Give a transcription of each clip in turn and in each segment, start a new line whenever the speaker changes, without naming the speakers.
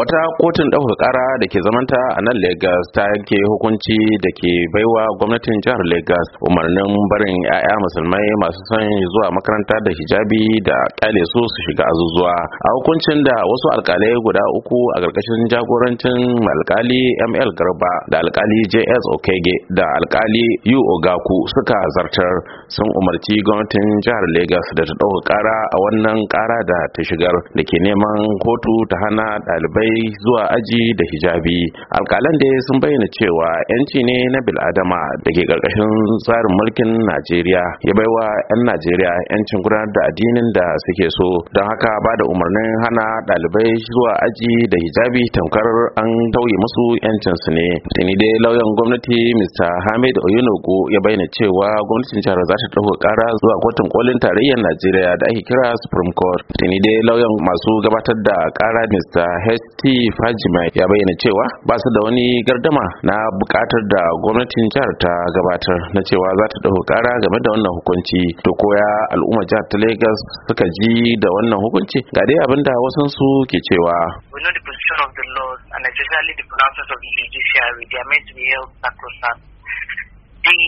wata kotun ɗaukar ƙara da ke zamanta a nan lagos ta yanke hukunci da ke baiwa gwamnatin jihar lagos umarnin barin 'ya'ya musulmai masu son zuwa makaranta da hijabi da kyale su su shiga azuzuwa a hukuncin da wasu alkalai guda uku a ƙarƙashin jagorancin alkali ml garba da alkali js okege da alkali u ogaku suka zartar sun umarci gwamnatin jihar lagos da ta ɗauka ƙara a wannan ƙara da ta shigar da ke neman kotu ta hana ɗalibai kai zuwa aji da hijabi alkalan da sun bayyana cewa yanci ne na biladama da ke karkashin tsarin mulkin najeriya ya baiwa 'yan najeriya yancin gudanar da addinin da suke so don haka ba da umarnin hana dalibai zuwa aji da hijabi tamkar an tauye musu yancinsu ne tuni dai lauyan gwamnati mr hamid oyenugu ya bayyana cewa gwamnatin jihar za ta ɗauka ƙara zuwa kotun kolin tarayyar najeriya da ake kira supreme court tuni dai lauyan masu gabatar da kara mr h Latif Fajima ya bayyana cewa ba su da wani gardama na bukatar da gwamnatin jihar ta gabatar na cewa za ta dauki kara game da wannan hukunci to koya al'umma jihar ta Lagos suka ji da wannan hukunci ga dai abin da wasan su ke cewa
and especially the of the judiciary, are to be held The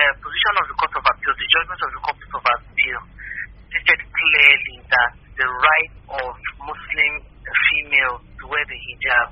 uh, position of the Court of Appeal, the judgment of the Court of Appeal hijab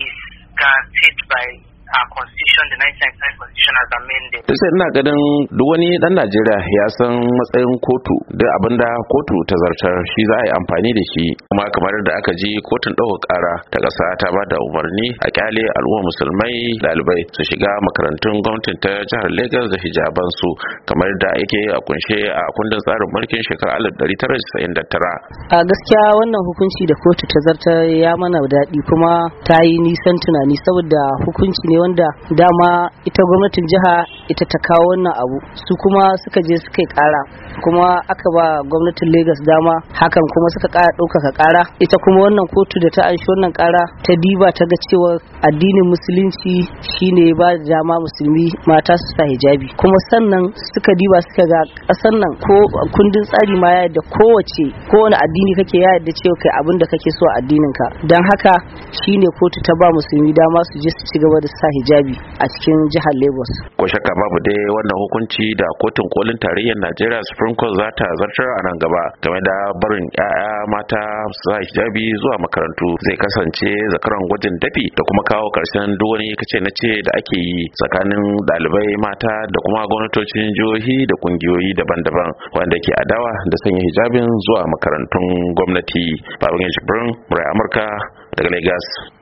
is transferred by a constitution constitution as
amended. Duk ina ganin duk wani dan Najeriya ya san matsayin kotu da abin kotu ta zartar shi za a yi amfani da shi kuma kamar da aka ji kotun ɗaukar ƙara ta ƙasa ta ba da umarni a kyale al'umma musulmai ɗalibai su shiga makarantun gwamnatin ta jihar Lagos da hijaban su kamar da yake a kunshe a kundin tsarin mulkin shekarar 1999.
A gaskiya wannan hukunci da kotu ta zartar ya mana daɗi kuma ta yi nisan tunani saboda hukunci ne ne wanda dama ita gwamnatin jiha ita ta kawo wannan abu su kuma suka je suka yi kara kuma aka ba gwamnatin Legas dama hakan kuma suka kara ɗaukaka kara ita kuma wannan kotu da ta anshi wannan kara ta diba ta ga cewa addinin musulunci shine ba dama musulmi mata su sa hijabi kuma sannan suka diba suka ga ƙasar nan ko kundin tsari ma ya yadda kowace kowane addini kake ya yadda cewa kai abin da kake so a addinin ka don haka shine kotu ta ba musulmi dama su je su ci gaba da sa sa hijabi a cikin jihar Lagos.
Ko shakka babu dai wannan hukunci da kotun kolin tarayyar Najeriya Supreme Court za ta zartar a nan gaba game da barin 'ya'ya mata sa hijabi zuwa makarantu zai kasance zakaran gwajin dafi da kuma kawo karshen duk wani kace na ce da ake yi tsakanin ɗalibai mata da kuma gwamnatocin jihohi da kungiyoyi daban-daban wanda ke adawa da sanya hijabin zuwa makarantun gwamnati. Babban Jibrin, Murai Amurka daga
Lagos.